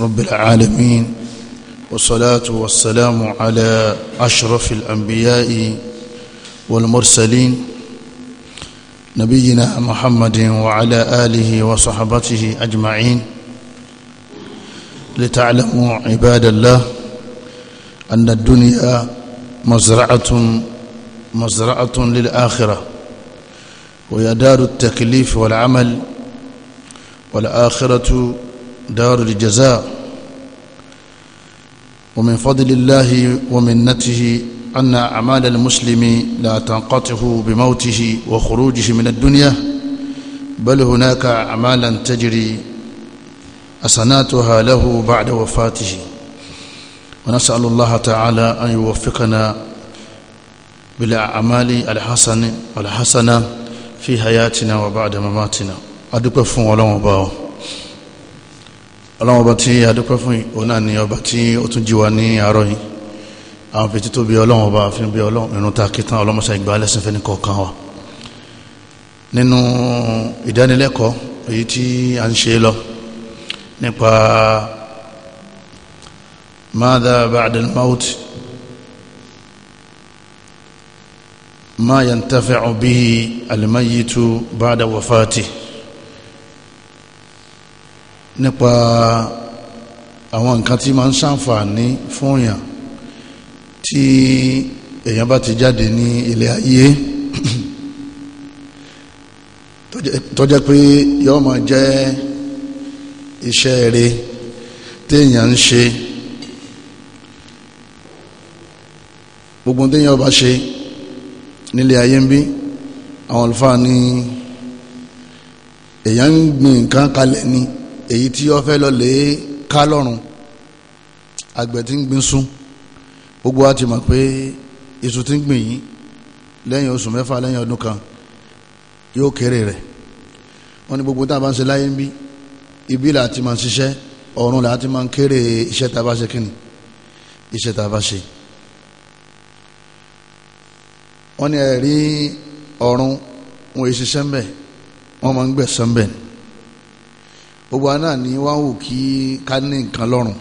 رب العالمين والصلاة والسلام على أشرف الأنبياء والمرسلين نبينا محمد وعلى آله وصحبته أجمعين لتعلموا عباد الله أن الدنيا مزرعة مزرعة للآخرة ويدار التكليف والعمل والآخرة دار الجزاء ومن فضل الله ومنته أن أعمال المسلم لا تنقطع بموته وخروجه من الدنيا بل هناك أعمالا تجري أسناتها له بعد وفاته ونسأل الله تعالى أن يوفقنا بالأعمال الحسن الحسنة في حياتنا وبعد مماتنا أدوك فون ولون باو ọlọ́run ọba tí a dúpẹ́ fún yìí òun náà ni ọba tí ó tún jí wa ní àárọ̀ yìí àwọn fètí tó bí ọlọ́run ọba fi bí ọlọ́run irun ta kíkan ọlọ́mọṣà ìgbà alẹ́sìn fẹ́ ní kọ̀ọ̀kan wa nínú ìdánilẹ́kọ̀ọ́ èyí tí a ń ṣe lọ nípa madha ba'da maut ma yantafi'u bihi al-mayyitu ba'da wafatihi nípa àwọn nǹkan tí máa ń ṣàǹfààní fún èèyàn tí èèyàn bá ti jáde ní ilé ayé tó jẹ́ pé yóò máa jẹ́ iṣẹ́ rẹ̀ téèyàn ń ṣe gbogbo téèyàn bá ṣe nílé ayé ń bí àwọn àlùfáà ní èèyàn ń gbìn nǹkan kalẹ̀ ni èyí tí ó fẹ́ lọ lè ká lọ́rùn àgbẹ̀ tí ń gbin sún gbogbo wa ti mọ̀ pé iṣu tí ń gbìn yìí lẹ́yìn oṣù mẹ́fà lẹ́yìn ọdún kan yóò kéré rẹ̀ wọ́n ní gbogbo tá a bá ń ṣe láyé ń bí ibi là ti máa ṣiṣẹ́ ọ̀run là ti máa ń kéré iṣẹ́ tá a bá ṣe kíni iṣẹ́ tá a bá ṣe wọ́n ní ẹ̀rí ọ̀run wọn èyí ṣiṣẹ́ ń bẹ̀ wọ́n máa ń gbẹ̀sán bẹ̀ ni gbogbo àná ni wọ́n wò kí ká ní nǹkan lọ́rùn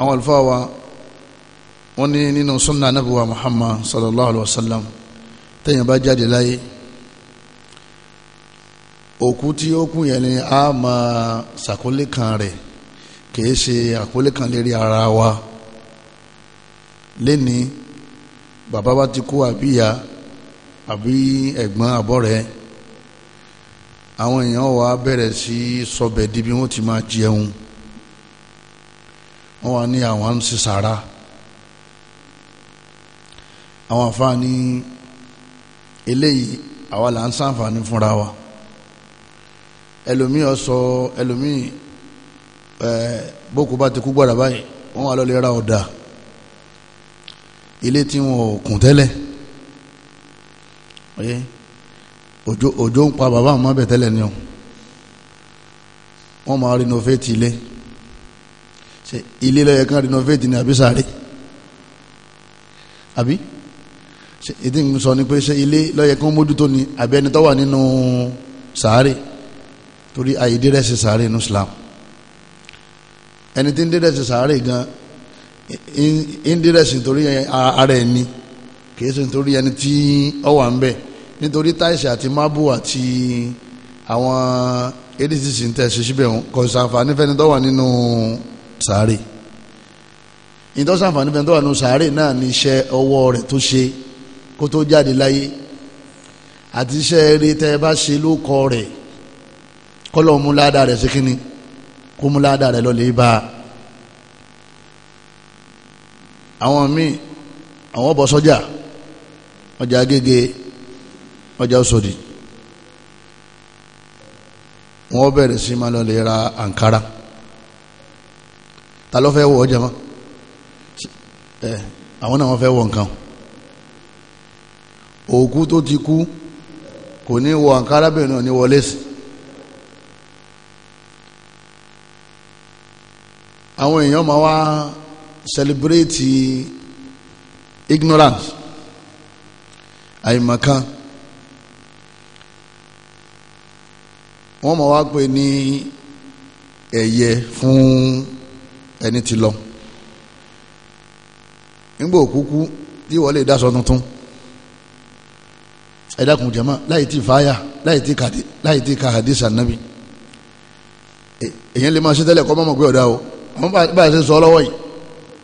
àwọn àlùfáà wa wọ́n ní nínú sunna anabiwa muhammad sallallahu alaihi wa sallam tẹ̀yìn bá jáde láyé òkú tí ó kù yẹn ni a máa ṣàkólé kan rẹ̀ kìí ṣe àkólé kan lérí ara wa lẹ́ni bàbá bá ti kú àbíyá àbí ẹ̀gbọ́n àbọ̀rẹ́ àwọn èèyàn wà á bẹ̀rẹ̀ sí sọbẹ̀ di bí wọ́n ti máa jẹun wọ́n wà ní àwọn ń ṣe sàrà àwọn àǹfààní eléyìí àwa là ń ṣàǹfààní fúnra wa ẹlòmíì ọsọ ẹlòmíì ẹ bókú bá ti kú gbọ́dọ̀ báyìí wọ́n wà lọ́lẹ́ ra ọ̀dà ilé tí wọn kùn tẹ́lẹ̀ òjò òjò ń pa bàbá àwọn ọmọbẹ tẹ́lẹ̀ ni o wọ́n máa renovate ilé ṣe ilé lọ́yẹ kan renovate ni àbí sáré àbí ṣe ìdí ń sọ ni pé ṣe ilé lọ́yẹ kan mójútó ni àbí ẹni tó wà nínú sáré torí àyèdè rẹ̀ ṣe sáré nínú Islam ẹni tí ń dé rẹ̀ ṣe sáré gan ń dé rẹ̀ ṣe nítorí ara ẹni kì í ṣe nítorí ẹni tí ó wà ń bẹ́ẹ̀ nítorí táìsì àti mábù àti àwọn adcc ń tẹ̀sí síbẹ̀ kò sàǹfààní fẹ́ni tó wà nínú sàárè ìtọ́ sàǹfààní fẹ́ni tó wà nínú sàárè náà ní iṣẹ́ ọwọ́ rẹ̀ tó ṣe kó tó jáde láyé àti iṣẹ́ eré tẹ́ ẹ bá ṣe ló kọ rẹ̀ kọ́lọ̀ mú ládàá rẹ̀ sí kínní kó mú ládàá rẹ̀ lọ́lẹ́ bá a àwọn míì àwọn bọ̀ sọ́jà ọjà gègé ọjà sòdì wọ́n bẹ̀rẹ̀ sí máa lọ lè ra àǹkárá ta ló fẹ́ wọ ọjà mọ́ ẹ àwọn náà wọ́n fẹ́ wọ nǹkan òkú tó ti kú kò ní wọ àǹkárá bẹ́ẹ̀ náà ní wọlé sí àwọn èèyàn máa wá celebrate ignorance àìmọ̀kan. wọ́n máa wá pè ní ẹ̀yẹ fún ẹni tí lọ nígbà òkúkú tí wọ́n lè dáṣọ tuntun ẹ dákun jama láì tí fàáyà láì tí ka hadith anabi èyàn lè máa ṣe tẹ́lẹ̀ kọ́ mọ́mọ́ pé ọ̀dà o wọ́n bá ṣe sọ lọ́wọ́ yìí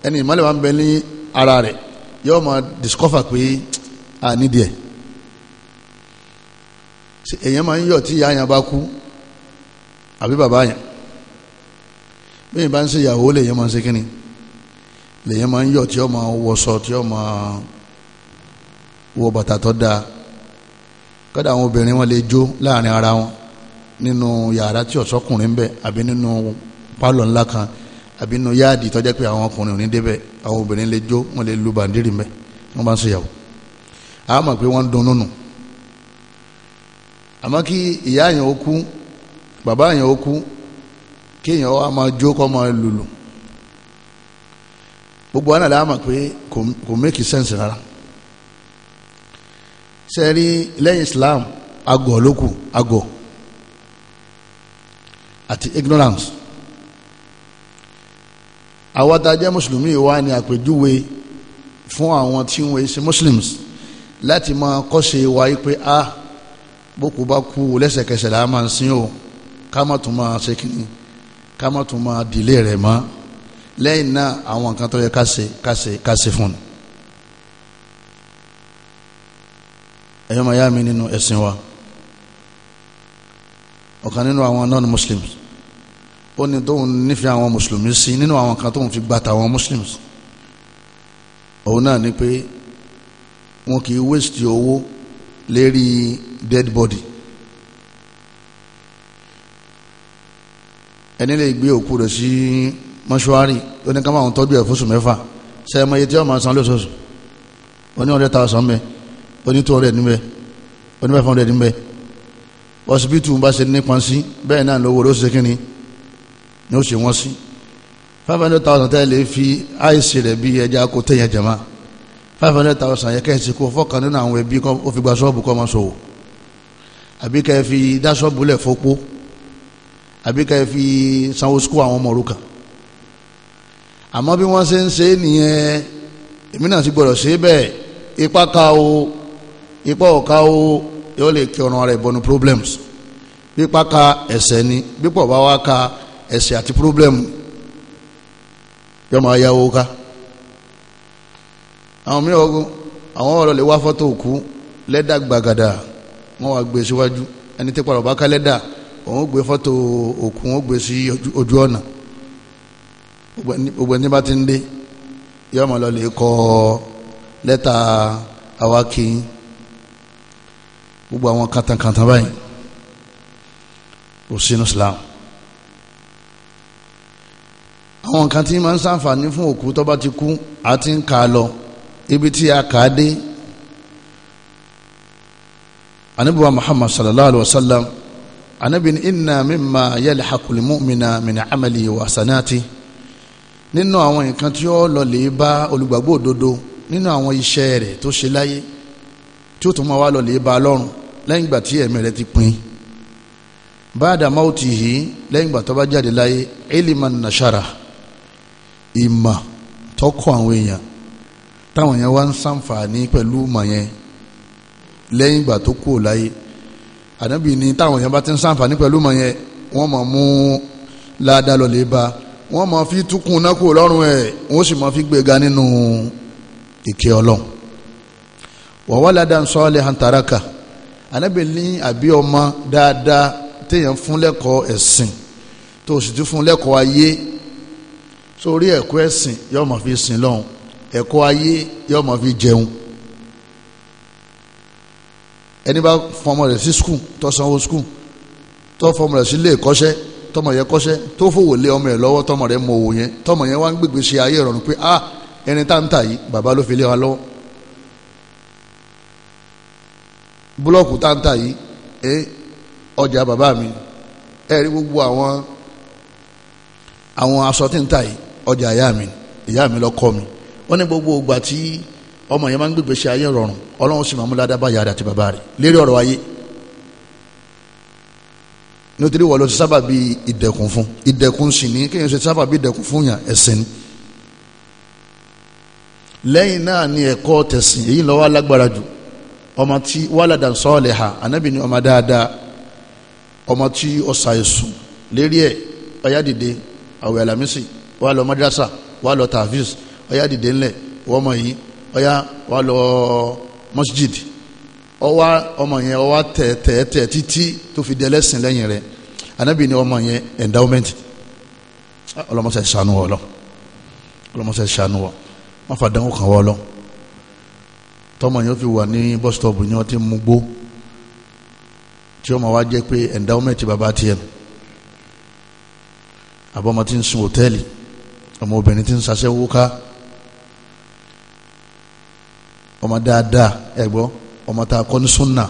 ẹni ìmọ̀lẹ̀ máa ń bẹ ní ara rẹ̀ yóò máa discover pé a nídìí ẹ̀ èyàn máa ń yọ̀ tí ìyá yẹn bá kú àbí bàbá yẹn bẹ́ẹ̀ bá ń ṣe ìyàwó lèyẹn máa ń ṣe kínni lèyẹn máa ń yọ̀ tí ó máa wọṣọ tí ó máa wọ bàtà tó dáa kọ́dà àwọn obìnrin wọn lè jó láàrin ara wọn nínú yàrá tí ọ̀sọ́kùnrin ń bẹ àbí nínú pálọ̀ ńlá kan àbí nínú yáàdì tó jẹ́ pé àwọn ọkùnrin ò ní débẹ̀ àwọn obìnrin lè jó wọn lè lu bàndírì ń wọn bá ń ṣe ìyàwó àmọ́ pé wọ́n ń dunnú nù àmọ́ kí ìyá yẹn ó kú bàbá yẹn ó kú kéèyàn wá máa jó kọ́ máa lùlù gbogbo ọ̀nà làá mọ̀ pé kò make sense rárá sẹ́rí lẹ́yìn Islam agọ̀ ló kù agọ̀ àti ignorance àwa tá jẹ́ mùsùlùmí wa ni àpèjúwe fún àwọn tí wọ́n ṣe muslims láti máa kọ́ṣe wa yí pé a ah, bókú bá kú lẹ́sẹ̀kẹsẹ̀ làá máa ń sin o. Kama má ma máa ṣe kíni ká má tún máa dìlé rẹ̀ mọ́ lẹ́yìn náà àwọn nǹkan tó yẹ ká ṣe ká ṣe ká ṣe fún un. ẹ̀yọ́ máa yá mi nínú ẹ̀sìn wa ọ̀kan nínú àwọn non-muslims ó ní tóun nífẹ̀ẹ́ àwọn mùsùlùmí sí nínú àwọn kan tóun fi gbàtà àwọn muslims òun náà ni pé wọn kì í waste owó lérí dead body ẹni lè gbé òkú rẹ̀ sí mọ́ṣúárì ó ní ká máa ń tọ́jú ẹ̀ fóṣù mẹ́fà ṣe ẹmọ iye tí wọ́n máa san lóṣooṣù oní ọ̀rẹ́ ta ọ̀sán mẹ́ oní tó ọ̀rẹ́ níbẹ̀ oní bẹ́ẹ̀ fún ọ̀rẹ́ níbẹ̀ ọsibítù bá ṣe nípọn sí bẹ́ẹ̀ náà lówó ló ṣe kíni ni ó ṣe wọ́n sí five hundred thousand tẹ́lẹ̀ fi àìsí rẹ̀ bí ẹja kó tẹ̀yẹ̀ jẹ̀má five hundred thousand yẹ kẹ́hìn sí kó fọ́kàn nínú àwọn ẹbí kó fi àbí ká ẹ fi sanwó sukú àwọn ọmọ òrukàn àmọ́ bí wọ́n ṣe ń ṣe é nìyẹn èmi náà ti gbọ́dọ̀ ṣe é bẹ́ẹ̀ ipá o ipá ọ̀ka o yóò lè kí ọ̀ràn rẹ̀ bọnu problems pípa ka ẹ̀ṣẹ̀ ni pípọ̀ bá wá ka ẹ̀ṣẹ̀ àti problem yọ máa yáwó ká àwọn mìíràn ogun àwọn ọ̀rọ̀ lè wá fọ́tò òkú lẹ́dà gbàgàdà wọ́n wá gbé e síwájú ẹni tí pàrọ̀ bá ká lẹ́dà òun gbé fọ́tò òkú òun gbé sí ojú ọ̀nà gbogbo ẹni bá ti ń dé yọ ọmọ lọ lè kọ lẹ́tà awakín gbogbo àwọn kàtàkàtà báyìí kò sínú Islam àwọn nǹkan tí máa ń ṣàǹfààní fún òkú tó bá ti kú àti ń kà á lọ ibi tí a kà á dé anibuwa Muhammad sallallahu alaihi wa sallam anabi ni inna mimma yalhaqul mu'mina min amali wa sanati nínú àwọn nǹkan tí ó lọ lè bá olùgbàgbọ́ òdodo nínú àwọn iṣẹ́ rẹ̀ tó ṣe láyé tí ó tún máa wá lọ lè bá lọ́run lẹ́yìn ìgbà tí ẹ̀mí rẹ̀ ti pin báàdà máwùtì yìí lẹ́yìn ìgbà tó bá jáde láyé eliman nashara ìmọ̀ tọkọ àwọn èèyàn táwọn èèyàn wá ń ṣàǹfààní pẹ̀lú ìmọ̀ lẹ́yìn ìgbà tó kúrò láyé ànábì ní táwọn èèyàn bá ti ń sàǹfààní pẹ̀lú mọ̀ yẹn wọ́n máa mú ládàá lọ́lẹ́ bá wọ́n máa fi túkun náà kúrò lọ́rùn ẹ̀ wọ́n sì máa fi gbéga nínú ìkẹ́ ọlọ́run wàwá ládàá sọ́ọ́lẹ̀ hantaraka ànábì ní àbí ọmọ dáadáa téèyàn fún lẹ́kọ̀ọ́ ẹ̀sìn tó o sì ti fún lẹ́kọ̀ọ́ ayé sórí ẹ̀kọ́ ẹ̀sìn yóò máa fi sìn lọ́hùn ẹ̀kọ́ ayé yóò máa fi jẹun ẹni bá fọmọ rẹ̀ sí skul tó sanwó skul tó fọmọ rẹ̀ sí ilé ìkọ́ṣẹ́ tọmọ yẹn kọ́ṣẹ́ tó fowó lé ọmọ yẹn lọ́wọ́ tọmọ rẹ̀ mọ òwò yẹn tọmọ yẹn wá ń gbègbè ṣe ayé ìrọ̀rùn pé ah ẹni tá ń tà yìí bàbá ló fi lé wa lọ́wọ́ búlọ́ọ̀kù tá ń tà yìí ẹ ọjà bàbá mi ẹ rí gbogbo àwọn àwọn aṣọ tí ń tà yìí ọjà ìyá mi ìyá mi ló kọ́ mi wọ́n ní gbogbo ìgbà tí ọmọ yẹn máa ń gbégbé ṣe ayé rọrùn ọlọ́run sì máa mú ládàá bá yàrá àti bàbá rẹ̀ lérí ọ̀rọ̀ ayé nítorí wọ́n lọ sí sábà bí ìdẹ̀kùn fún ìdẹ̀kùn sì ní kéèyàn ṣe sábà bí ìdẹ̀kùn fún yàn ẹ̀sìn ni lẹ́yìn náà ni ẹ̀kọ́ tẹ̀sìn èyí lọ́wọ́ alágbára jù ọmọ tí wàládà sọ́ọ̀lẹ̀ ha ànábì ni ọmọ dáadáa ọmọ tí ọ̀sà ẹ̀sùn lérí ẹ̀ ọ̀yá àwẹ̀ àlàmísì wà lọ madrasa wà lọ tàfíìs ọ̀yá dìde ńlẹ̀ wọ́n mọ̀ yìí ọ̀yá wà lọ masjid ọwá ọmọ yẹn ọwá tẹ̀tẹ̀tẹ̀ títí tó fi dẹ́lẹ́sìn lẹ́yìn rẹ̀ anábì ni ọmọ yẹn endowment ah, ọlọmọsẹ ṣàánú wọ lọ ọlọmọsẹ ṣàánú wọ wọn fà dánwó kan wọ lọ tọmọ yẹn fi wà ní bus stop ni wọn ti mú gbó tí ọmọ wa jẹ pé endowment baba tiẹ̀ nù àbọ̀mọ ti ń sun hòtẹ́ẹ̀lì ọmọ obìnrin ti ń sasẹ́ wó ọmọ dáadáa ẹ̀gbọ́ ọmọ tá a kọ́ ní súnà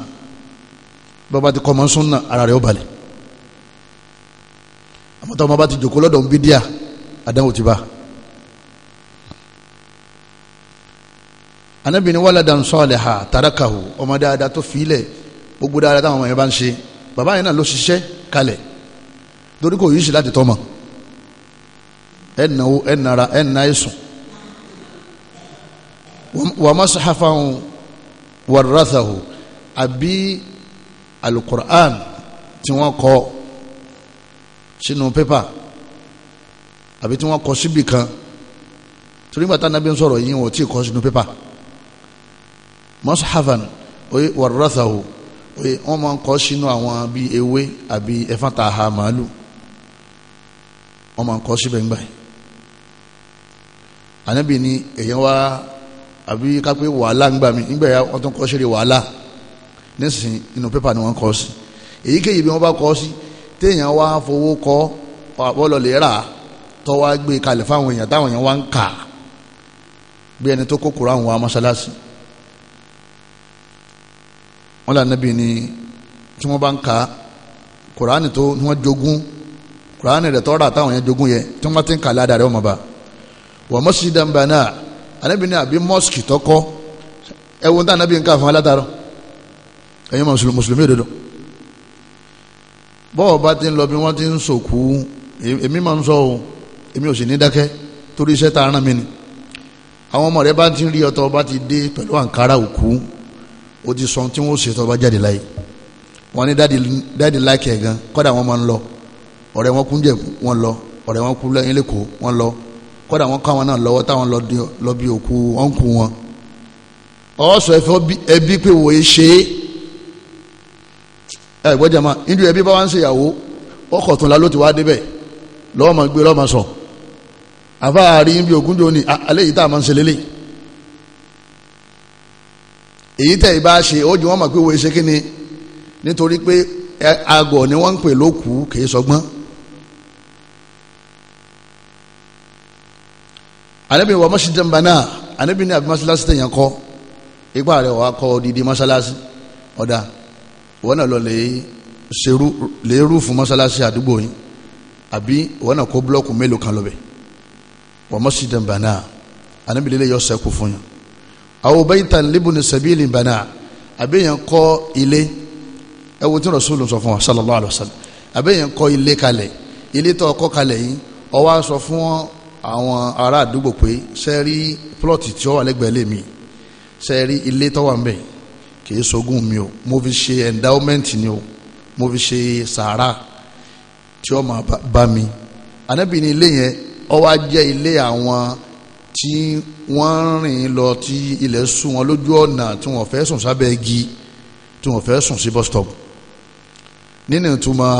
bàbá ti kọ́ ọmọ súnà ara rẹ̀ ó balẹ̀ àmọ́ tá ọmọ bá ti jòkó lọ́dọ̀ ń bí díà àdánwò ti bá anabi ni waladan saliha tarakahu ọmọ dáadáa tó fìlẹ̀ gbogbo dáadáa táwọn ọmọ yẹn bá ń ṣe bàbá yẹn náà ló ṣiṣẹ́ kalẹ̀ torí kò yí sí láti tọ́ ọmọ ẹ̀ náwó ẹ̀ nara ẹ̀ náà ẹ̀ sùn wa mushafan warathahu àbí alukur'an tí wọ́n kọ sínú pépà àbí tí wọ́n kọ síbì kan torí nígbà táwọn anábì ń sọ̀rọ̀ yìí wọ́n ti kọ sínú pépà mushafan warathahu wọ́n máa ń kọ sínú àwọn bíi ewé àbí ẹ̀fọ́ntàhà màálù wọ́n máa ń kọ síbẹ̀ ńgbà yìí anábì ni èèyàn wá àbí kápé wàhálà ń gbà mí nígbà yà wọ́n tún kọ́ ṣeré wàhálà nísìn inú pépà ni wọ́n kọ́ sí èyíkéyìí bí wọ́n bá kọ́ sí téèyàn wá fowó kọ́ bọ́ọ̀lù lè rà tó wá gbé kalẹ̀ fáwọn èèyàn táwọn èèyàn wá ń kà bí ẹni tó kókòrò àwọn amáṣáláṣí wọ́n là níbi ni tí wọ́n bá ń ka kùránì tó wọ́n jogún kùránì rẹ̀ tọ́ra táwọn yẹn jogún yẹ tí wọ́n bá ti ń kà ládàá rẹ̀ ọmọ bá wọ́n mọ́sídàmbà náà anabi ní àbí mọ́sìkì tọkọ ẹ̀wọ̀n tá anabi ń ká fún alátàrọ ẹ̀yin mùsùlùmí òdodo bọ́ọ̀ bá ti ń lọ bí wọ́n ti ń sòkú èmi máa ń sọ o èmi ò sì ní dákẹ́ torí iṣẹ́ tá a rán mi ni àwọn ọmọ rẹ bá ti rí ọtọ bá ti dé pẹ̀lú àǹkárá òkú ó ti sọ tí wọ́n ó ṣètò ọba jáde láyé wọ́n ní dáàdi láìkẹ́ gan kọ́dà wọ́n máa ń lọ ọ̀rẹ́ wọn kú ń lọ ọ̀rẹ́ wọn kú lẹ́yìn lẹ́kọ̀ọ́ wọ́n lọ kódà wọn kọ́ àwọn náà lọ́wọ́ táwọn lọ bí òkú wọn kú wọn ọ̀ọ́sọ ẹ̀fọ́ ẹbí pé wò é ṣe é ẹ gbọ́dọ̀ ma níbi ẹbí bá wá ń ṣèyàwó ọkọ̀ tún la ló ti wá débẹ̀ lọ́wọ́ máa gbé lọ́wọ́ máa sọ àfáàrí níbi ògúnjọ ni alẹ́ yìí tá a máa ń ṣe lélẹ̀ èyí tẹ̀ ì bá ṣe ó jù wọ́n mọ̀ pé wò é ṣe kí ni nítorí pé àgọ̀ ni wọ́n ń pè lókùú kì í sọgbọ́n. So anabi wa masjidan bana anabi ní àbí masalasi tẹ̀ yẹn ipa rẹ̀ wà kọ́ odidi masalasi ọ̀dà wọn náà lọ lè ṣerú lè masalasi àdúgbò yín àbí wọn náà kó búlọ́ọ̀kù mélòó kan lọ́bẹ̀ wa masjidan bana anabi lè yọ sẹ́kù fún yín àwọn baytan libni sabili bana àbí yẹn kọ́ ilé ẹ wo tí Rasulullah sọ fún wa sallallahu alayhi wa sallam àbí yẹn kọ́ ilé kalẹ̀ ilé tó kọ́ kalẹ̀ yín ó wá sọ fún àwọn ará àdúgbò pé ṣe rí plọ́ọ̀tì tí ó wà lẹ́gbẹ̀ẹ́ lè mi ṣe rí ilé tó wà ń bẹ̀ kì í sogún mi o mo fi ṣe endowment ni o mo fi ṣe sàárà tí ó máa bá mi ànábì ní ilé yẹn ó wá jẹ́ ilé àwọn tí wọ́n rìn lọ tí ilẹ̀ sùn wọn lójú ọ̀nà tí wọ́n fẹ́ sùn sábẹ́ igi tí wọ́n fẹ́ sùn sí bus stop nínú ìtumọ̀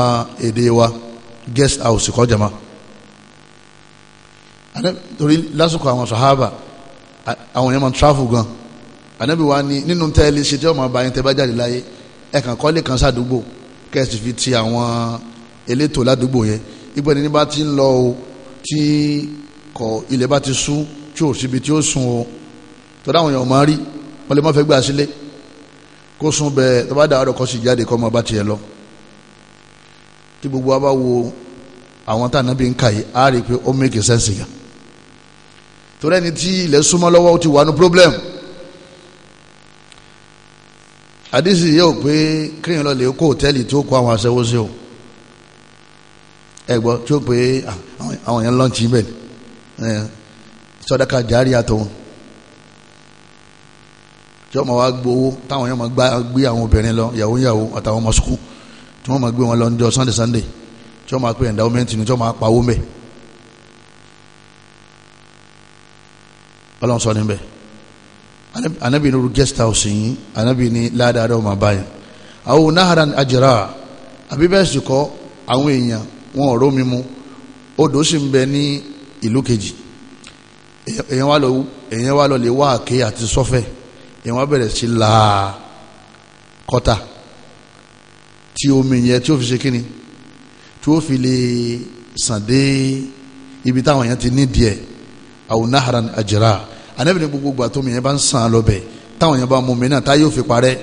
èdè wa guest house kọjá máa torí lásìkò àwọn sàhábà àwọn yẹn máa travel gan ànábì wa ni nínú tẹ́lẹ̀ ṣe tí ọmọ ọba yẹn tẹ́ bá jáde láyé ẹ kàn kọ́lé kan sádùúgbò kẹ́sì fi ti àwọn elétò ládùúgbò yẹn ìgbà ní bá ti ń lọ o tí kọ ilẹ̀ bá ti sún tí ò síbi tí ó sùn o tọ́lá àwọn èèyàn máa rí wọ́n lè má fẹ́ gbà sílé kó sún bẹ́ẹ̀ tó bá dàárọ̀ kó sì jáde kó máa bá tiẹ̀ lọ tí gbogbo wa bá wo àwọn tá torí ẹni tí ilẹ̀ súnmọ́ lọ́wọ́ ó ti wà ní problem àdìsí yóò pé kéèyàn lọ lè kó hòtẹ́ẹ̀lì tó kó àwọn aṣẹ́wó sí o ẹ gbọ́ tí ó pé àwọn èèyàn lọ́ọ̀tì bẹ́ẹ̀ sọ́dáka járí àtọ̀hún tí wọ́n máa wá gbowó táwọn èèyàn máa gbé àwọn obìnrin lọ yàwó yàwó àtàwọn ọmọ sukù tí wọ́n máa gbé wọn lọ ní ọjọ́ sunday sunday tí wọ́n máa pè endowment ni tí wọ́n máa pawó mẹ́ẹ̀ ọlọ́run sọ níbẹ̀ anabi ní oru guest house yìí anabi ní ládàádọ́ ọmọ báyìí àwọn naharan ajira àbí bẹ́ẹ̀ sì kọ́ àwọn èèyàn wọn ò rómi mu odò sì ń bẹ ní ìlú kejì èèyàn wá lọ èèyàn wá lọ lè wá àké àti sọ́fẹ̀ èèyàn wá bẹ̀rẹ̀ sí la kọ́ta tí omi yẹn tí ó fi ṣe kíni tí ó fi lè sàn dé ibi táwọn èèyàn ti ní díẹ̀ aw naharan ajira anabi ni gbogbo gba tó mi yẹn bá ń sàn lọ bẹ táwọn yẹn bá mú mi náà táyé òfin parẹ́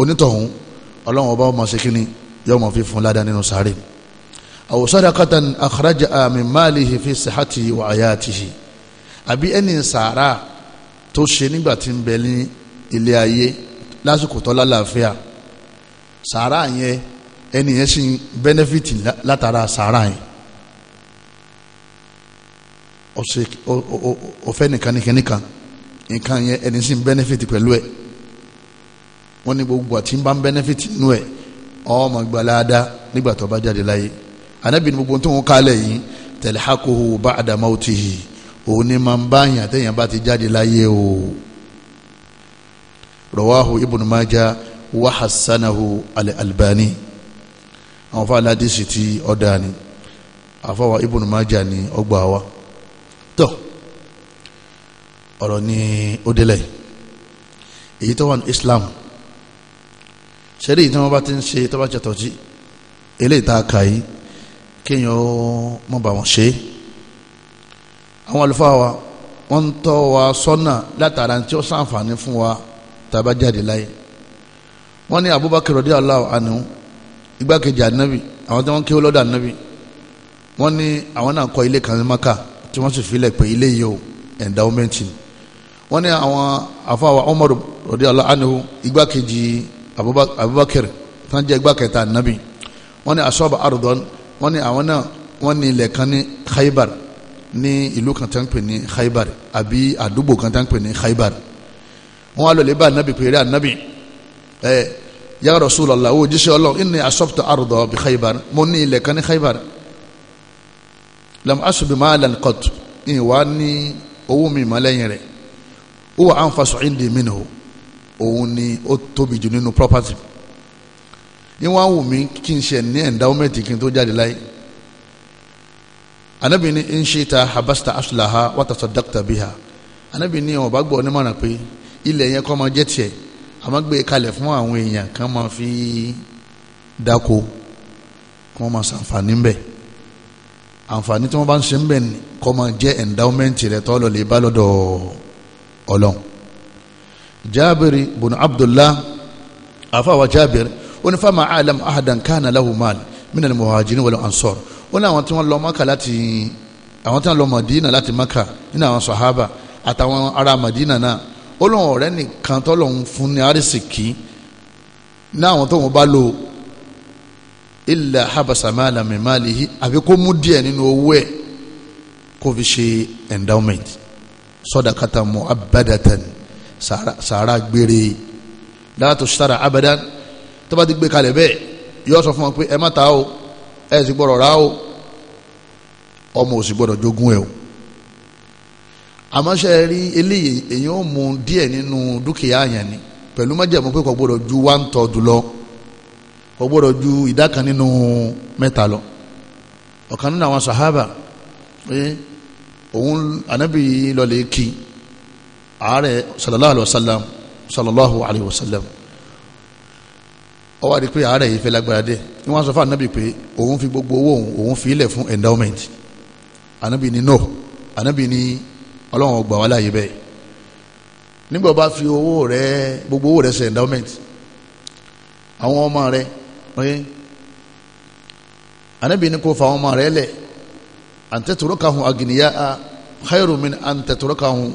onítọ̀hún ọlọ́run ọba ọmọ sekini yóò mọ fi fún ládàá nínú sáré aw sadaqatan akhraja min malihi fi sihatihi wa ayatihi àbí ẹni sàárà tó ṣe nígbà tí ń bẹ ní ilé ayé lásìkò tó lálàáfíà sàárà yẹn ẹni yẹn sì bẹ́nẹ́fìtì látara sàárà yẹn ọ̀sẹ̀ ọ̀fẹ́ nìkan nìkan nìkan nǹkan yẹn ẹni sì ń benefit pẹ̀lú ẹ̀ wọ́n ní gbogbo àti ń bá ń benefit nínú ẹ̀ ọmọ gbalada nígbà tó bá jáde láyé anábì ní gbogbo tó ń kálẹ̀ yìí talhaquhu ba'da mawtihi òun ni máa ń bá yàn àtẹ̀yàn bá ti jáde láyé o rawahu ibn majah wa hassanahu al-albani àwọn fáwọn aládìsí ti ọ̀dà ni àfọwọ́ ibn majah ni ọgbà wa tọ́ ọ̀rọ̀ ni ó délẹ̀ èyí tó wà ní Islam ṣẹ́rí tí wọ́n bá ti ń ṣe tó bá jẹ́ tọ́jí eléyìí tá a kà yìí kéèyàn ó mọ̀ bá wọn ṣe é àwọn àlùfáà wa wọ́n ń tọ́ wa sọ́nà látara tí ó sàǹfààní fún wa tàbá jáde láyé wọ́n ní Abubakar rọ̀dí aláwọ̀ àná igbákejì ànábì àwọn tí wọ́n kéwọ́ lọ́dọ̀ ànábì wọ́n ní àwọn náà kọ́ ilé kan ní Maka tí wọ́n sì filẹ̀ pé ilé yìí o endowment ni wọ́n ní àwọn afáwa Umar radiyallahu anhu igbákejì Abubakar tán jẹ́ igbákẹta nabi wọ́n ní asọ́ba ardọ́n wọ́n ní àwọn náà wọ́n ní ilẹ̀ kan ní Khaybar ní ìlú kan tán pè ní Khaybar àbí àdúgbò kan tán pè ní Khaybar wọ́n wá lọ́lẹ́ bá nabi pèrè ànabi ẹ̀ ya Rasulullah wo jíṣẹ́ ọlọ́run inni asọ́pùtà ardọ́ bí Khaybar mo ní ilẹ̀ kan ní Khaybar lam asubi maalan qat ìyẹn wàá ní owó mi ìmọ̀ lẹ́yìn rẹ̀ ó wà anfasu indi minhu òun ni ó tóbi jù nínú property ìwọ̀n àwọn mi kí n ṣe ní endowment kí n tó jáde láyé anabi ni n ṣe ta habasta asulaha watasa dakta biha anabi ni ọba gbọ́ onímọ̀ràn pé ilẹ̀ yẹn kọ́ máa jẹ́ tiẹ̀ àmọ́ gbé e kalẹ̀ fún àwọn èèyàn kan máa fi dáko kí wọ́n máa ṣàǹfààní àǹfààní tí wọ́n bá ń ṣe ń bẹ̀ kọ́ máa jẹ́ endowment rẹ̀ tọ́ lọ lè bá lọ́dọ̀ ọlọ́run jaabiri bùnú abdullah àfàwà jaabiri ó ní fama alam ahadan kana lahu mal min al muhajirin wal ansor ó ní àwọn tí wọ́n lọ maka láti àwọn tí wọ́n lọ madina láti maka nínú àwọn sahaba àtàwọn ará madina náà ó lóun ọ̀rẹ́ nìkan tọ́lọ́hún fún ní arísìkí ní àwọn tóun bá lò ó illa habasa maala min maalihi àfi kó mú díẹ̀ nínú owó ẹ̀ kó fi ṣe endowment sọdakata mu abadatan sàrà gbére láti sara abadan tó bá ti gbé kalẹ̀ bẹ́ẹ̀ yóò sọ fún wọn pé ẹ má ta o ẹ sì gbọ́dọ̀ ra o ọmọ ò sì gbọ́dọ̀ jogún o àmọ́ ṣe rí eléyìí èyàn ó mú díẹ̀ nínú dúkìá yẹn ni pẹ̀lú májẹ̀mú pé kò gbọ́dọ̀ ju one third lọ kò gbọ́dọ̀ ju ìdá kan nínú mẹ́ta lọ ọ̀kan nínú àwọn sàhábà pé òun anábì lọlẹ̀ kí ààrẹ sallallahu alayhi wa sallam sallallahu alayhi sallam ọwọ́ àdìpé ààrẹ yìí fẹ́ lágbára dé ni wọ́n sọ fún anábì pé òun fi gbogbo owó òun fi ilẹ̀ fún endowment anábì ni no anábì ni ọlọ́run ọgbà wà láàyè bẹ́ẹ̀ nígbà bá fi owó rẹ gbogbo owó rẹ ṣe endowment àwọn ọmọ rẹ oye anabi ni kò fa àwọn ọmọ rẹ lẹ àǹtẹ̀tọ̀rọ̀ kan hùn àgìníyà a khairu min àǹtẹ̀tọ̀rọ̀ kan hùn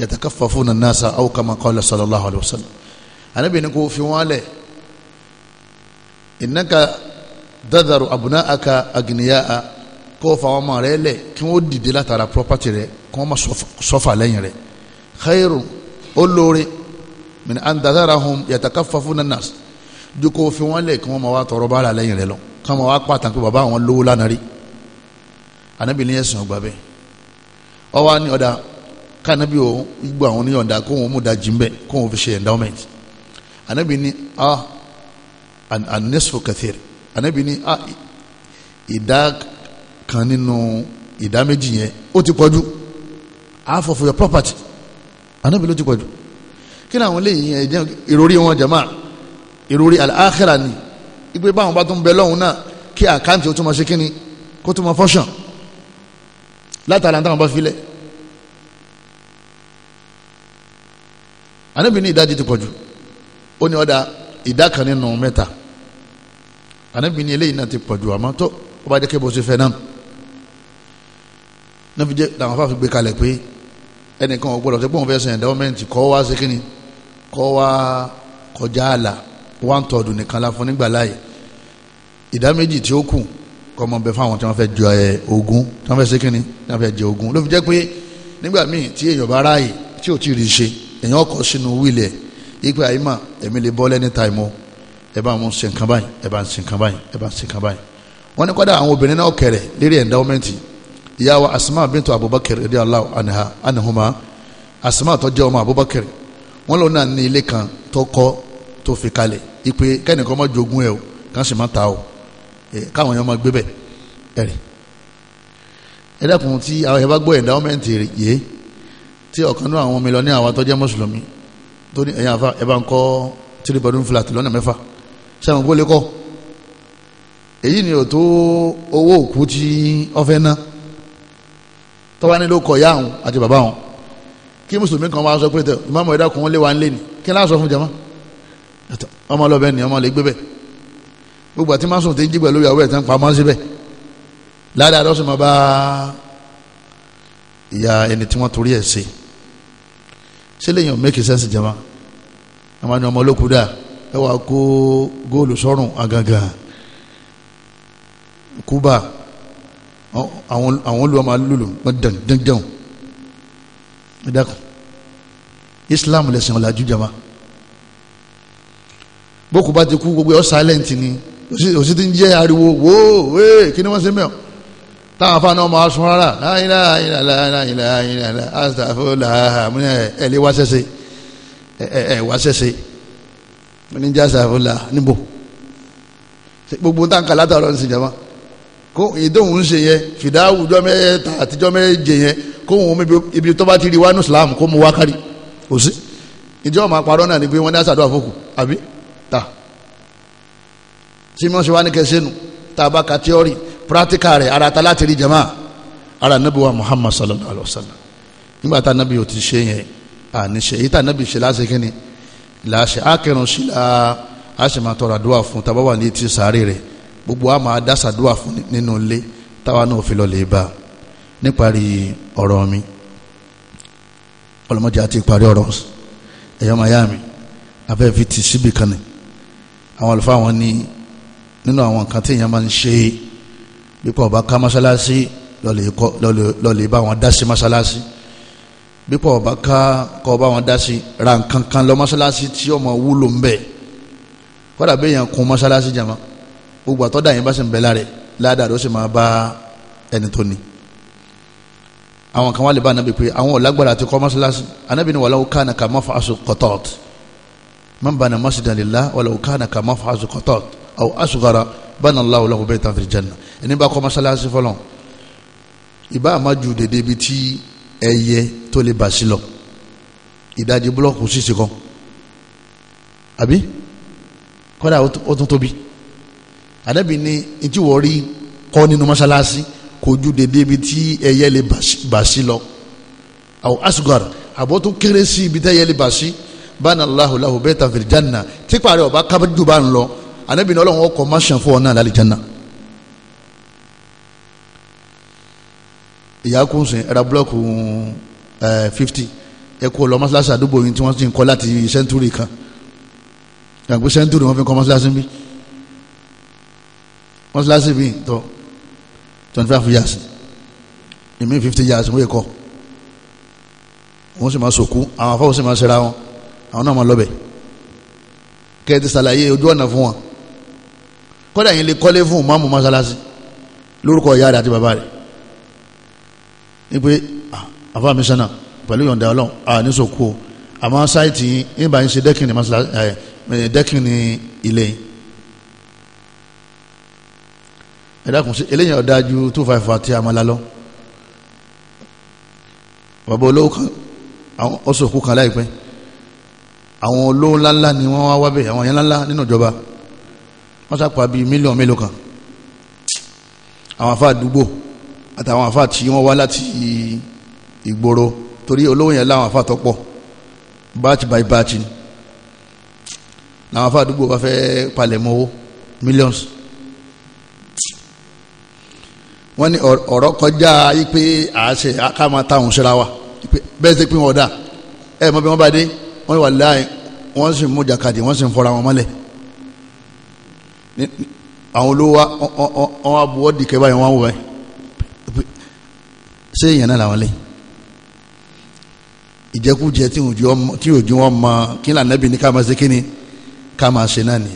yatakaffafuna an-nasa aw kama qala sallallahu alayhi wa sallam anabi ni kò fi wọn lẹ innaka dadaru abuna'aka àgìníyà a kò fa àwọn ọmọ kí wọn dìde látara property rẹ kí wọn ma sọfà lẹ́yìn rẹ khairu olóore min àǹtẹ̀tọ̀rọ̀ hùn yatakaffafuna an-nasa jókòó fi wọ́n lẹ̀ kí wọ́n máa wá tọrọ báàlà lẹ́yìn rẹ̀ lọ kí wọ́n máa wá pàtàkì pé bàbá àwọn lówó lánàá rí ànábì ní ẹ̀sìn ọgbà bẹ́ẹ̀ ọwọ́ ní ọ̀dà kánábì ò gbọ́ àwọn oníyọ̀ǹda kó wọn mú da jí mbẹ́ kó wọn fi ṣe endowment ànábì ní a anisfu kathir ànábì ní a ìdá kan nínú ìdá méjì yẹn ó ti pọ̀jù half of your property ànábì ló ti pọ̀jù kí ni àwọn eléyìí yẹn ìròrí wọn jàmáà ìròrí àlàáhìrà ni ìgbé báwọn bá tún bẹ lọ́hùn náà kí àkáǹtì ó tún máa ṣe kí ni kó tún máa fọ́ṣàn látara táwọn bá filẹ̀ ànábì ní ìdajì ti pọ̀jù ó ní ọ̀dà ìdá kan nínú mẹ́ta ànábì ní eléyìí náà ti pọ̀jù àmọ́ tó ó bá jẹ́ kí bó fẹ́ náà náà fi jẹ́ làwọn afáfi gbé kalẹ̀ pé ẹnìkan ò tó gbọ́n fẹ́ sọ ẹ̀dáwọ́mẹ́ntì kọ́ wá ṣe kí ni kọ́ wá kọjá àlà one third nìkan la fún nígbà láàyè ìdá méjì tí ó kù kọmọ bẹ fáwọn tí wọ́n fẹ́ jẹ ogún tí wọ́n fẹ́ ṣe kínní tí wọ́n fẹ́ jẹ ogún ló fi jẹ́ pé nígbà míì tí èèyàn bá ráàyè tí ò tí ì rí ṣe èèyàn kọ sínú wíìlẹ̀ ipe àyímà èmi lè bọ́ lẹ́ni táìmù ẹ bá ń ṣe nǹkan báyìí ẹ bá ń ṣe nǹkan báyìí ẹ bá ń ṣe nǹkan báyìí wọ́n ní kọ́dà àwọn obìnrin náà kẹ̀rẹ̀ lérí ẹ̀ndáwọ́mẹ́ntì ìyá wa bintu abubakar radiyallahu anha anahuma asma tó jẹ́ ọmọ abubakar wọ́n lòun náà ní ilé kan tó kọ́ tó fi kalẹ̀ ìpè kẹ́nìkan má jogún ẹ o kàn sì má ta o káwọn èèyàn má gbé bẹ̀ ẹ̀rì ẹ dẹ́kun tí àwọn ẹ̀bá gbọ́ ẹ̀ndáwọ́mẹ́ǹtì yé tí ọ̀kan náà àwọn mílíọ̀nì àwọn tó mùsùlùmí tó ní ẹ̀yà ẹ̀bá ń kọ́ three bedroom flat lọ́nà mẹ́fà sẹ́wọ̀n kó lè kọ́ èyí ni ò tó owó òkú tí wọ́n fẹ́ ná tọ́wá nílò kọ̀ yá àwọn àti bàbá àwọn kí mùsùlùmí kan máa sọ pé tẹ ìmáàmù ẹ̀dá kan lé wa ń lé ni kí n láà fún jama ọmọ lọ́bẹ̀ ni ọmọ lè gbé bẹ̀ gbogbo àti máa sùn tí ń jí pẹ̀lú ìyàwó ẹ̀ tán pa máa ń síbẹ̀ ládàá lọ́sùn máa bá ìyá ẹni tí wọ́n torí ẹ̀ ṣe ṣé lèyàn make sense jama àwọn ni ọmọ olókùú dà ẹ wàá kó góòlù sọ́rùn àgàgà kúbà àwọn olùwà máa lùlù wọn dàn dàn ẹ dákun Islam lẹ̀sìn ọ̀làjú jama bókù bá ti kú gbogbo ọ̀ silent ni òsì ti ń jẹ́ ariwo wo wéè kí ni wọ́n ṣe mẹ́ọ̀ táwọn afáà náà máa sun rárá láyìnlá láyìnlá láyìnlá láyìnlá àtàfọlá àmúlẹ̀ ẹ̀ lé wá sẹ́sẹ́ ẹ̀ ẹ̀ wá sẹ́sẹ́ ní jẹ́ àtàfọlá níbo gbogbo táǹkà látàrọ̀ ń sìn jàmá kó ìdóhùn ń ṣe yẹn fìdáwù jọ mẹ́ta àtijọ́ yẹn kó òun ibi tó bá ti rí wánú Islam kó mu wákàrí kò sí ìjọ náà ni pé wọ́n ní àṣàdúrà fòkù àbí ta tí wọ́n ṣe wá ní kẹsẹ́nu tá a bá ka tíọ́rì pírátíkà rẹ̀ ara ta láti rí jama ara nabi wa muhammad sallallahu alayhi wa sallam nígbà tá nabi yóò ti ṣe yẹn à ní ṣe èyí tá nabi ṣe láṣẹ kí ni làṣẹ akẹrùn sí la a ṣe máa tọrọ àdúrà fún tá a bá wà ní etí sàárè rẹ̀ gbogbo a máa dá sàdúrà fún nínú ilé táwa náà fi lọ lè bá níparí ọ̀rọ̀ mi ọlọmọdé àti ìparí ọ̀rọ̀ ẹ̀yọ́ mayami abẹ́ẹ̀ fi tì síbì kan nìyí àwọn àlùfáà wọn ní nínú àwọn nǹkan tí èèyàn máa ń ṣe bí kò bá ká mọ́sálásí lọ́ọ̀lì bá wọn dá sí mọ́sálásí bí kò bá ká kọ́ bá wọn dá sí ra nǹkan kan lọ mọ́sálásí tí ó máa wúlò ń bẹ̀ kódà bí èèyàn kun mọ́sálásí jàmọ́ gbogbo àtọ́dà yẹn bá sì ń bẹ lára ládàá ló sì máa bá ẹni tó ni àwọn kan wá lè bá anabi pé àwọn ò lágbára kọ́ mọ́sálásí anabi ni wàlá man bana masjidan lillah wala kana kama fahazu qatat aw asghara bana Allahu lahu baytan fil janna ẹni bá kọ́ masalasi fọlọ́n ìbá àmà ju dèdè bi tí ẹyẹ tó lè bà sí lọ ìdajì búlọ́ọ̀kù sísè kan àbí kọ́dà ó tún tóbi àdẹ́bí ni etí wọ́n rí kọ́ nínú masalasi kò ju dèdè bi tí ẹyẹ lè bà sí lọ aw asghara àbótún kéré sí ibi tẹ́yẹ lè bà sí lọ bana Allah lahu Beta fil janna tí o ọba kábàdù bá ń lọ anabi ní ọlọ́run ọkọ̀ máa ṣàn fún ọ náà lálẹ́ janna. ìyá kún sìn ẹ̀rọ búlọ́ọ̀kù fifty ẹ kó lọ mọ́ṣáláṣí àdúgbò yìí tí wọ́n ti ń kọ́ láti sẹ́ńtúrì kan ẹ̀gbẹ́ sẹ́ńtúrì wọ́n fi kọ́ mọ́ṣáláṣí bí mọ́ṣáláṣí bí tọ́ twenty five years ìmí fifty years wọ́n yẹ kọ́ wọ́n sì máa sòkú àwọn afọ́wọ́sì máa ṣera wọn àwọn náà máa lọ bẹ̀ kẹ́ ẹ ti ṣàlàyé ojú ọ̀nà fún wọn kọ́dà yín lè kọ́lé fún mọ́mú mọ́sálásí lórúkọ ìyá rẹ̀ àti bàbá rẹ̀ ní pé àfa mi sẹ́nà pẹ̀lú yọ̀ǹda ọlọ́run à ní sòkú o àmọ́ sáìtì yín nígbà yín ṣe dẹ́kìn ní mọ́sálásí ilé yín ẹ dákun sí eléyìí ọ̀dájú two five four àti àmàlà lọ bàbá olówó kan àwọn ọ̀sọ̀kú kan láìpẹ́ àwọn olówó ńláńlá ni wọ́n wá wábẹ̀ àwọn yẹn ńláńlá nínú ìjọba wọ́n sápá bíi mílíọ̀n mélòó kan àwọn àfáà àdúgbò àtàwọn àfáà tí wọ́n wá láti ìgboro torí olówó yẹn láwọn àfáà tó batch by batch ni làwọn àfáà àdúgbò bá fẹ́ palẹ̀ mọ́ owó millions wọ́n ní ọ̀rọ̀ kọjá yí pé àá ṣe àkàmọ́ táwọn ṣe ra wa bẹ́ẹ̀ ṣe pín ọ̀dà ẹ̀ mọ́ bí wọ́n bá dé wọ́n ní wàláhì wọ́n sì mú jàkadì wọ́n sì ń fọ́ra wọn mọ́lẹ̀ àwọn olówó wọn wá buwọ́ dìkẹ́ báyìí wọ́n wọ̀ ẹ́ ṣé èèyàn náà làwọn lé ìjẹkújẹ tí ò jí wọn mọ kí lànà bí ní ká máa ṣe kí ni ká máa ṣe náà ni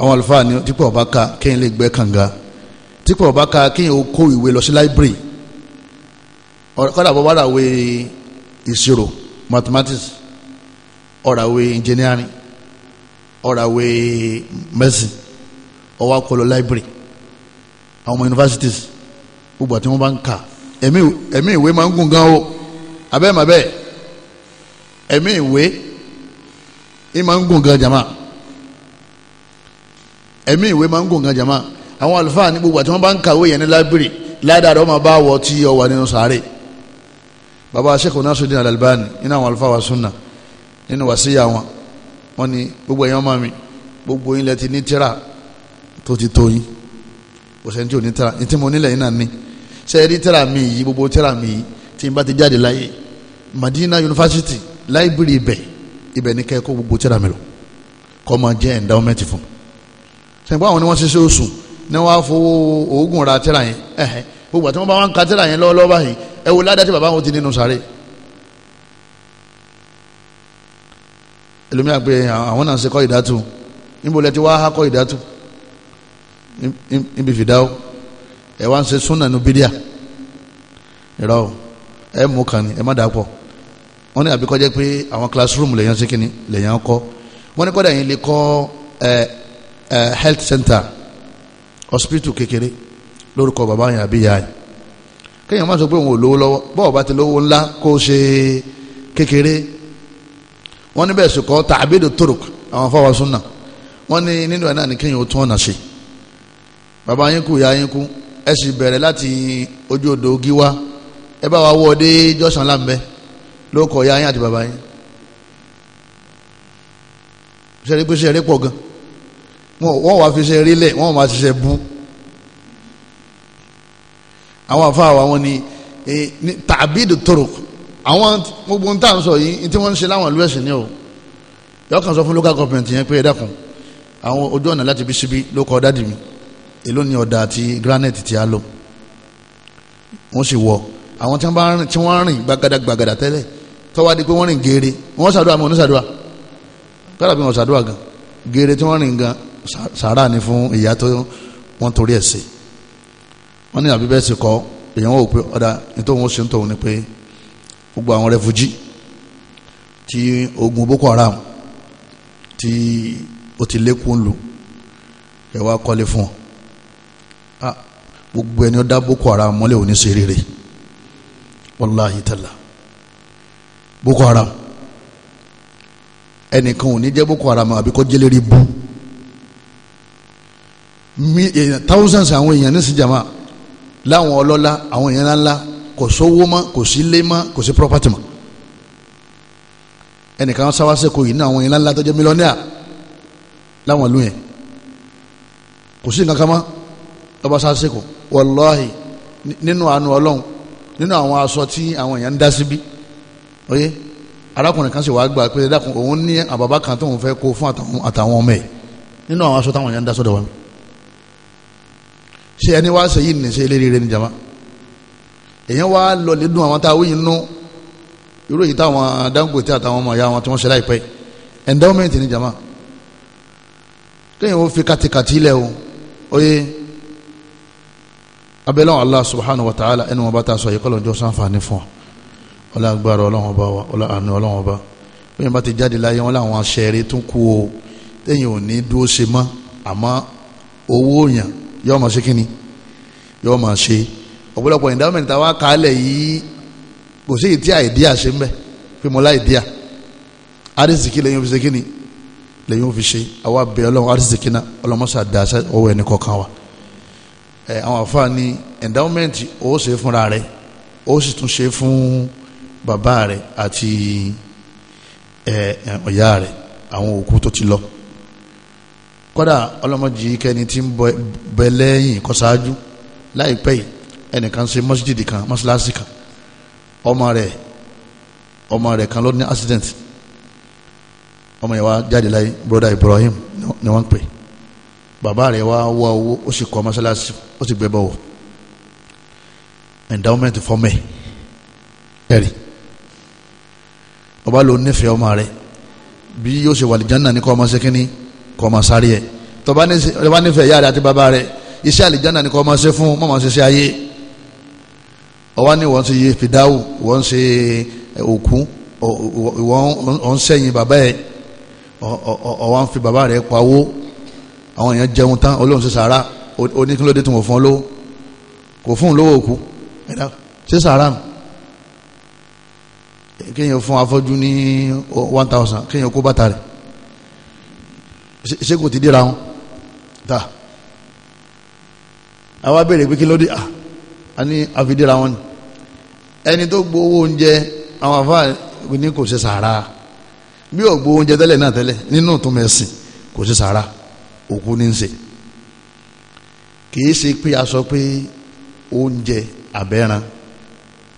àwọn àlùfáà ni tí kò bá ka kéèyàn lè gbẹ́ kànga tí kò bá ka kéèyàn ó kó ìwé lọ sí láìbírì kọ́dà bọ́ bá dà wé ìṣirò mathematics or àwẹ̀ engineering or àwẹ̀ medicine or ọwọ́ akọlọ library àwọn ọmọ universities gbogbo àti wọn bá ń kà ẹ̀mí ìwé máa ń gùn gan o abẹ́ẹ̀ mà bẹ́ẹ̀ ẹ̀mí ìwé ẹ̀ máa ń gùn gan jama ẹ̀mí ìwé máa ń gùn gan jama àwọn àlùfáà ní gbogbo àti wọn bá ń kàwé yẹn ní library ládàá rẹ̀ wọ́n máa bá wọ tí ọ wà nínú sàárè baba sheikh Nasiruddin Al-Albani iná àwọn alfa wa sunna nínú wàsíyà wọn wọn ni gbogbo èèyàn máa mi gbogbo yín lẹ ti ní tíra tó ti tó yín òsèǹ tí ò ní tíra ní mo nílẹ̀ yín náà ṣe é rí tíra mi yìí gbogbo tíra mi yìí tí n bá ti jáde láyé Madina University láìbírì ibẹ̀ ibẹ̀ ní kẹ́ kó gbogbo tíra mi lọ kọ́ máa jẹ́ endowment fún mi sẹ́yìnbó àwọn ni wọ́n ṣiṣẹ́ oṣù ni wọ́n á fowó oògùn ra tíra yẹn gbogbo àti wọ́n bá wọn ka tíra yẹn lọ́wọ́lọ́wọ́ báyìí ẹ wo ládàá tí bàbá wọn ti nínú sáré ẹlòmíràn pé àwọn náà ń ṣe kọ́ ìdátù níbo lẹ ti wá há kọ́ ìdátù níbi fìdáwó ẹ wá ń ṣe súnà nù bídíà ìrọ ẹ mú kan ẹ má dà pọ̀ wọ́n ní àbíkọ́jẹ́ pé àwọn classroom lèyàn ṣe kínní lèyàn kọ́ wọ́n ní kọ́dà yín lè kọ́ health center hospital kékeré lórúkọ baba yẹn àbí yáa yẹn kéèyàn má sọ pé òun ò lówó lọ́wọ́ bọ́ọ̀ bá ti lówó ńlá kó o ṣe kékeré wọ́n níbẹ̀ sùkọ́ tàbídò torok àwọn afọwọ́ súnà wọ́n ní nínú ẹ̀ náà ní kéèyàn ó tún ọ̀nà ṣe bàbá yín kú ìyá yín kú ẹ sì bẹ̀rẹ̀ láti ojú odò ogi wá ẹ bá wa wọ ọdẹ jọ́sán láǹbẹ́ ló kọ ìyá yín àti bàbá yín ṣe eré pé ṣe eré pọ̀ gan wọ́n wàá fi ṣe eré lẹ̀ wọ́n máa ṣiṣẹ́ bú àwọn àfáà wọn ni eh, tàbídù tòrò àwọn gbogbo ń tà ń sọ yìí tí wọ́n ń ṣe láwọn ìlú ẹ̀sìn ni o yọkàn sọ fún local government yẹn pé ẹ àwọn ojú ọ̀nà láti bí síbí ló kọ dádì mi èló ni ọ̀dà àti granite ti á lò wọ́n sì wọ àwọn tí wọ́n rìn gbàgàdà gbàgàdà tẹ́lẹ̀ tọ́wá di pé wọ́n rìn geere wọ́n ṣàdúrà mọ́ oníṣàdúrà kọ́dà bí wọ́n ṣàdúrà gan geere tí wọ́n rìn gan sàárà ni fún ìyá tó wọ́n torí ẹ̀ sí wọ́n ní àbí bẹ́ẹ̀ sì kọ́ èèyàn wò pé ọ̀dà nítorí wọn ó ṣe ń tòun ni pé gbogbo àwọn rẹfújì tí ogun Boko Haram tí ó ti lékún lù ẹ wá kọ́lé fún ọ gbogbo ẹni ó dá Boko Haram mọ́lẹ̀ òní ṣe rere wàláhi tàlà Boko Haram ẹnìkan ò ní jẹ́ Boko Haram àbí kọ́ jẹ́lẹ́rì bú eh, thousands àwọn èèyàn ní sí jama láwọn ọlọ́lá àwọn èèyàn ńlá kò sówó mọ́ kò sí ilé mọ́ kò sí property mọ́ ẹnìkan sáwá sẹ́kọ yìí ní àwọn èèyàn ńlá tó jẹ́ mílíọ̀nìyà láwọn ìlú yẹn kò sí nǹkan kan mọ́ lọ́ba sáwá sẹ́kọ wàláhì nínú àánú ọlọ́run nínú àwọn aṣọ tí àwọn èèyàn ń dá síbí oyé arákùnrin kan sì wá gbà pé dákun òun ní àbàbá kan tóun fẹ́ kó fún àtàwọn ọmọ ẹ̀ nínú àwọn aṣọ táwọn èèyàn ń dá sọ́dọ̀ wa mi ṣé ẹni wá ṣe yìí nìṣe eléríire ní jama èèyàn wá lọ lè dùn àwọn tá a wí inú irú èyí táwọn Dangote àtàwọn ọmọ ìyá wọn tí wọ́n ṣe láìpẹ́ endowment ní jama kéèyàn ó fi katikati lẹ̀ o oye abẹ́lẹ́wọ̀n Allah subhanahu wa ta'ala ẹni wọn bá ta sọ yìí kọ́lọ̀ jọ sanfàní fún ọ ọlá agbára ọlọ́wọ́n bá wa ọlá àánú ọlọ́wọ́n bá bẹ́ẹ̀ bá ti jáde láyé wọn láwọn aṣẹ́rẹ́ tún kú o téèyàn ò ní dúró ṣe mọ́ àmọ́ owó yàn yóò máa ṣe kíni yóò máa ṣe ọ̀pọ̀lọpọ̀ endowment tá a wá kálẹ̀ yìí kò sí ìdí àìdíà ṣe ń bẹ̀ pé mo láìdíà arísìkí lẹ́yìn òfin ṣe kíni lẹ́yìn òfin ṣe àwa bẹ̀ ọlọ́run arísìkí náà ọlọ́mọṣà dáṣẹ́ ọwọ́ ẹni kọ̀ọ̀kan wa ẹ àwọn àfáà ní endowment ó ṣe fúnra rẹ ó sì tún ṣe fún bàbá rẹ àti ẹ ọ̀yá rẹ àwọn òkú tó ti lọ kọ́dà ọlọ́mọdé kẹni tí ń bẹ lẹ́yìn kọ́sáájú láìpẹ́ yìí ẹnìkan ṣe mọ́sídìdì kan mọ́síláṣí kan ọmọ rẹ̀ ọmọ rẹ̀ kan ló ní accident ọmọ yẹn wá jáde láyé broda Ibrahim ni wọ́n ń pè bàbá rẹ̀ wá wá owó ó sì kọ́ mọ́síláṣí ó sì gbé bọ̀wọ̀ endowment fọ́mẹ̀ ẹ̀rì ọba ló nífẹ̀ẹ́ ọmọ rẹ̀ bí yóò ṣe wà lìjánà ní kọ́ ọmọ ṣe kọ́ máa sáré ẹ̀ tọ́ba nífẹ̀ẹ́ yára àti bàbá rẹ̀ iṣẹ́ àlìjáná ni kọ́ máa ṣe fún mọ́ máa ṣe ṣe ayé ọwá ní wọ́n ṣe yé fìdáwù wọ́n ṣe òkú wọ́n sẹ́yìn bàbá ẹ̀ ọwá ń fi bàbá rẹ̀ pawó àwọn èèyàn jẹun tán olóhùn ṣe oníkílódé tí wọ́n fún lówó kò fún lówó òkú ṣe sàárà kéèyàn fún afọ́jú ní one thousand kéèyàn kó bàtà rẹ̀ ṣé kò ti dira wọn ta àwa béèrè pé kí ló dé à ah, á ní àfidíra wọn ni ẹni tó gbowó oúnjẹ àwọn àfáà ní kò ṣe sàárà bí ò gbowó oúnjẹ tẹ́lẹ̀ náà tẹ́lẹ̀ nínú tó mẹ́sìn kò ṣe sàárà òkú ní ń ṣe kìí ṣe pé a sọ pé oúnjẹ àbẹ́ran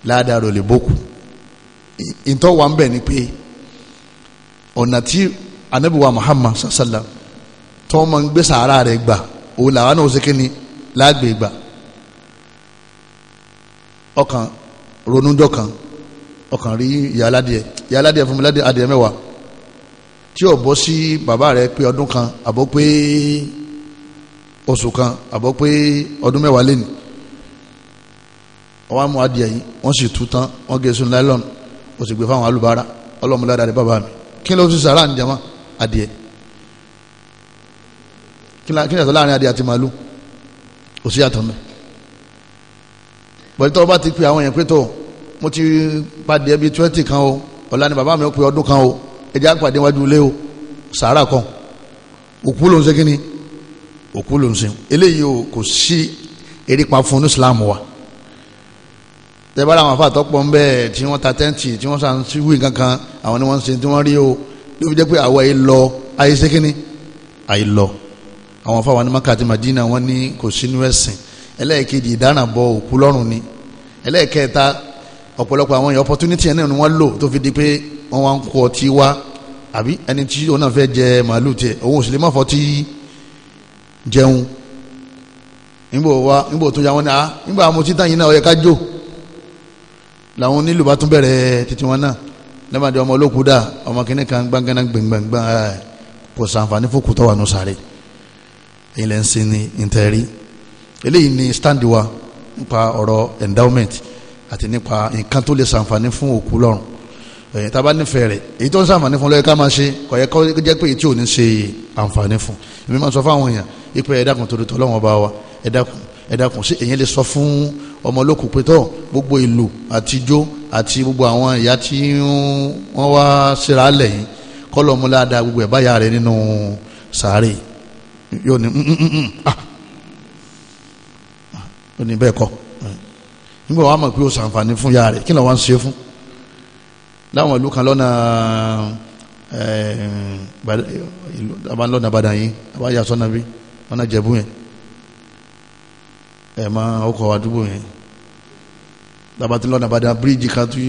ládàá rò lè bókù ìtọ́wà ń bẹ̀ ni pé ọ̀nà tí anabi wa muhammad sallam tí wọ́n máa ń gbé sàárà rẹ̀ gbà òun làwọn náà ó ṣe kí ni láàgbè gbà ọkàn ronújọ kan ọkàn rí ìyá aládìẹ ìyá aládìẹ fún mi ládìẹ adìẹ mẹ́wàá tí ò bọ́ sí bàbá rẹ̀ pé ọdún kan àbọ̀ pé oṣù kan àbọ̀ pé ọdún mẹ́wàá lé ní mú adìẹ yìí wọ́n sì tú tán wọ́n gé e sunu láìlọ́nù ó sì gbé fáwọn alùbárà ọlọ́múládàá rẹ̀ bàbá mi kí ló fi sàrà ń jẹ́ mọ́ adìẹ kí ni yàtọ̀ láàrin adìẹ àti màálù kò sí yàtọ̀ mẹ́ pẹ̀lú bá ti pe àwọn yẹn pé tó mo ti pàdé ẹbí twenty kan o ọ̀la ni bàbá mi ó pe ọdún kan o ẹjẹ́ àpàdé wájú ilé o sàárà kan òkú ló ń ṣe kí ni òkú ló ń ṣe eléyìí o kò sí erépa fún ní Islam wa tẹ́bára àwọn afáàtọ́ pọ̀ ń bẹ́ẹ̀ tí wọ́n ta tẹ́ǹtì tí wọ́n sàn síwì kankan àwọn ni wọ́n ń ṣe tí wọ́n rí o ló fi jẹ́ pé àwa yìí lọ ayé sékíní àyè lọ àwọn afáwa ní madina wọn ní kò sínú ẹ̀sìn ẹlẹ́ẹ̀kejì ìdárànbọ òkú lọ́rùn ni ẹlẹ́ẹ̀kẹta ọ̀pọ̀lọpọ̀ àwọn èèyàn opportunity yẹn náà ni wọ́n lò tó fi di pé wọ́n wá ń kọ ọtí wá àbí ẹni tí òun náà fẹ́ jẹ màálù tiẹ̀ òun ò sì lè má fọ jẹun nígbò wa nígbò tó ya wọn ni a ah, nígbà mo ti tàn yín náà ó ká jó làwọn onílù bá tún bẹ̀rẹ̀ títí wọn náà lẹ́màdé ọmọ olókùú dà ọmọ kìíní kan gbangana gbẹngbẹngbẹ kò sànfàní fún kùtọ́ wà nù sáré ilẹ̀ ń sin ní ntẹ́rí eléyìí ni stand wa nípa ọ̀rọ̀ endowment àti nípa nǹkan tó lè sànfàní fún òkú lọ́rùn ẹ̀yìn tá a bá nífẹ̀ẹ́ rẹ̀ èyí tó ń sànfàní fún lọ́yẹ̀ká máa ṣe kò yẹ kó jẹ́ pé èyí tí ò ní ṣe ànfàní fún èmi máa sọ fáwọn èèyàn ipò ẹ̀dá kan tó dùtọ̀ lọ́wọ́ bá wa ẹ dákun ẹ dákun sí èyàn lè sọ fún ọmọ olókùn pétọ́ gbogbo ìlú àtijọ́ àti gbogbo àwọn ìyá tí wọ́n wá síra lẹ́yìn kọ́lọ̀ mú láàdá gbogbo ẹ̀ báyà rẹ̀ nínú sàárè yóò ní yóò mm, mm, mm, ah. ní bẹ́ẹ̀ kọ́ nígbà wàá mọ̀ pé o ṣàǹfààní fún ya rẹ̀ kí ni wọ́n ń ṣe fún láwọn ìlú kan lọ́nà ẹ̀ẹ́n eh, lọ́nà Ìbàdàn yìí àbá sọ́nà bí wọ́n náà jẹ̀bú yẹn ẹ̀ mọ ọkọ̀ àdúgbò yẹn labati lọ́nà bàdà bíríìjì kan tún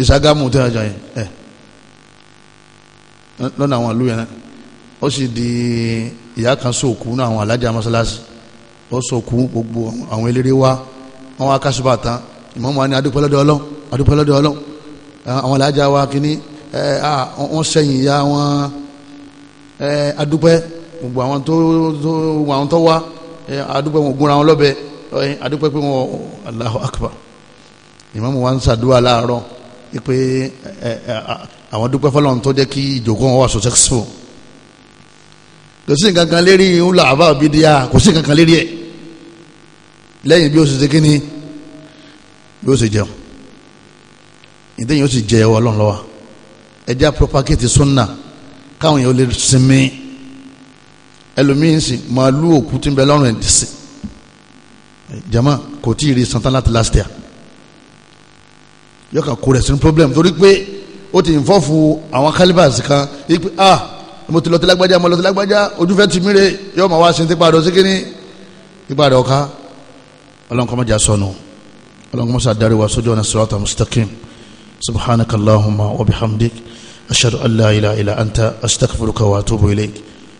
ìṣàgámù tẹ́ ọjà yẹn ẹ̀ lọ́nà àwọn ìlú yẹn ó sì di ìyá kan sóòkú náà àwọn alájà mọ́sálásí ó sóòkú gbogbo àwọn eléré wa wọn wá kásùbà tán ìmọ̀mọ́ ni adúpẹ́lọ́dọ̀ ọlọ́ adúpẹ́lọ́dọ̀ ọlọ́ àwọn alájà wa kìíní wọ́n sẹ́yìn ìyá wọn adúpẹ́ gbogbo àwọn tó wà àdúpẹ́ wọn gúnra wọn lọ́bẹ àdúpẹ́ pé wọn Allahu Akbar ìmáàmù wa ń ṣàdúrà láàárọ̀ pé àwọn dúpẹ́ fọlọ́run tó jẹ́ kí ìjókòó wọn wà successful kò sí nǹkan kan lérí ńlá àbá òbídíà kò sí nǹkan kan lérí ẹ̀ lẹ́yìn bí ó ṣe ṣe kí ni bí ó ṣe jẹun ìdẹ́yìn ó sì jẹ ọlọ́run lọ́wọ́ ẹjẹ́ propagate sunna káwọn èèyàn lè sinmi ẹlòmíín sìn màálù òkú tí ń bẹ lọ́rùn ẹ̀ ti sìn jama kò tí ì rí santan láti last year yọkà kó rẹ̀ sínú problem torí pé ó ti ìfọ́fù àwọn calibers kan ipe ah mo ti lọ ti lágbájá mo lọ ti lágbájá ojúfẹ́ ti mire yọ ma wá sin ti padà sí kíní ìpadà ọ̀ka ọlọ́nkọ́mọjà sọnù ọlọ́nkọ́mọsá darí wa sójú ọ̀nà sirata mustaqim subhanakallahumma wa bihamdik ashhadu an ilaha illa anta astaghfiruka wa atubu ilayk.